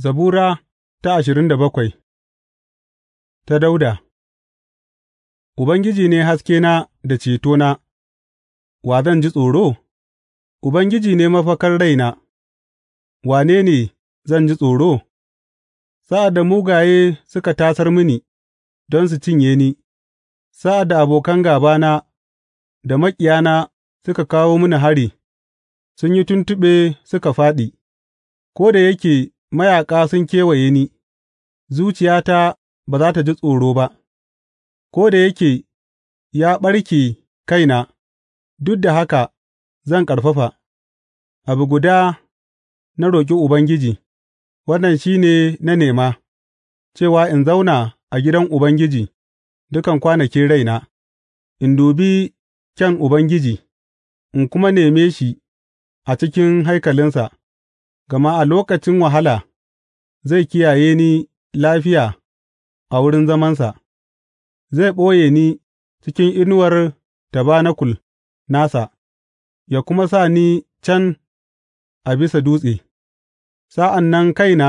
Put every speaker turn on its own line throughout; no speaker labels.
Zabura ta ashirin da bakwai ta Dauda Ubangiji ne haskena da cetona, wa zan ji tsoro? Ubangiji ne mafakar raina, wane ne zan ji tsoro? Sa'ad da mugaye suka tasar mini don su cinye ni, sa'ad da abokan gabana da maƙiyana suka kawo mini hari, sun yi tuntuɓe suka fāɗi, ko da yake Mayaƙa sun kewaye ni, zuciyata ba za tă ji tsoro ba; ko da yake ya ɓarke kaina, duk da haka zan ƙarfafa, abu guda na roƙi Ubangiji, wannan shi ne na nema, cewa in zauna a gidan Ubangiji dukan kwanakin raina, in dubi kyan Ubangiji in kuma neme shi a cikin haikalinsa. gama a lokacin wahala zai kiyaye ni lafiya a wurin zamansa; zai ɓoye ni cikin inuwar tabanakul nasa ya kuma sa ni can a bisa dutse; sa'an nan kaina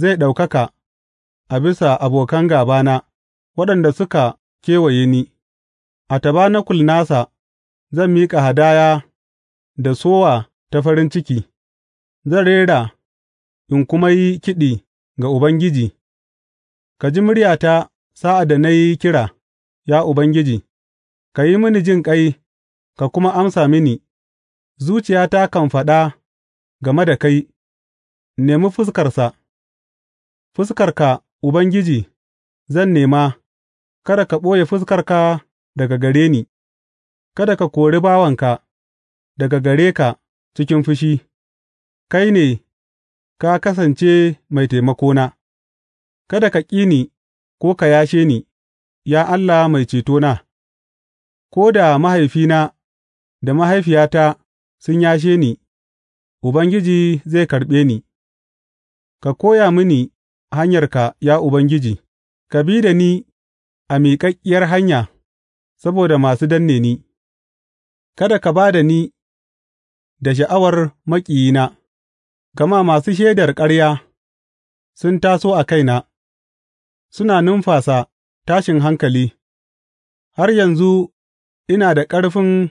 zai ɗaukaka a bisa abokan gābana waɗanda suka kewaye ni; a tabanakul nasa zan miƙa hadaya da sowa ta farin ciki. Zan rera in kuma yi kiɗi ga Ubangiji; ka ji muryata sa'ad da na yi kira, ya Ubangiji; ka yi mini jinƙai ka kuma amsa mini, zuciyata kan faɗa game da kai, nemi fuskarsa Fuskarka, Ubangiji, zan nema; kada ka ɓoye fuskarka daga gare ni; kada ka kori bawanka daga gare ka cikin fushi. Kai ne ka kasance mai taimakona; kada ka ƙi ni ko ka yashe ni, ya Allah Mai cetona, ko da mahaifina da mahaifiyata sun yashe ni, Ubangiji zai karɓe ni; ka koya mini hanyarka, ya Ubangiji, ka bi da ni a miƙaƙƙiyar hanya saboda masu danne ni; kada ka ba da ni da sha'awar maƙiyina. Gama masu shaidar ƙarya sun taso a kaina; suna numfasa tashin hankali, har yanzu ina da ƙarfin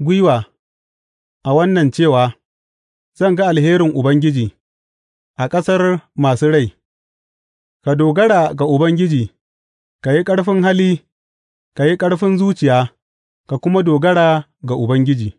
gwiwa a wannan cewa, Zan ga alherin Ubangiji a ƙasar masu rai; ka dogara ga Ubangiji, ka yi ƙarfin hali, ka yi ƙarfin zuciya, ka kuma dogara ga Ubangiji.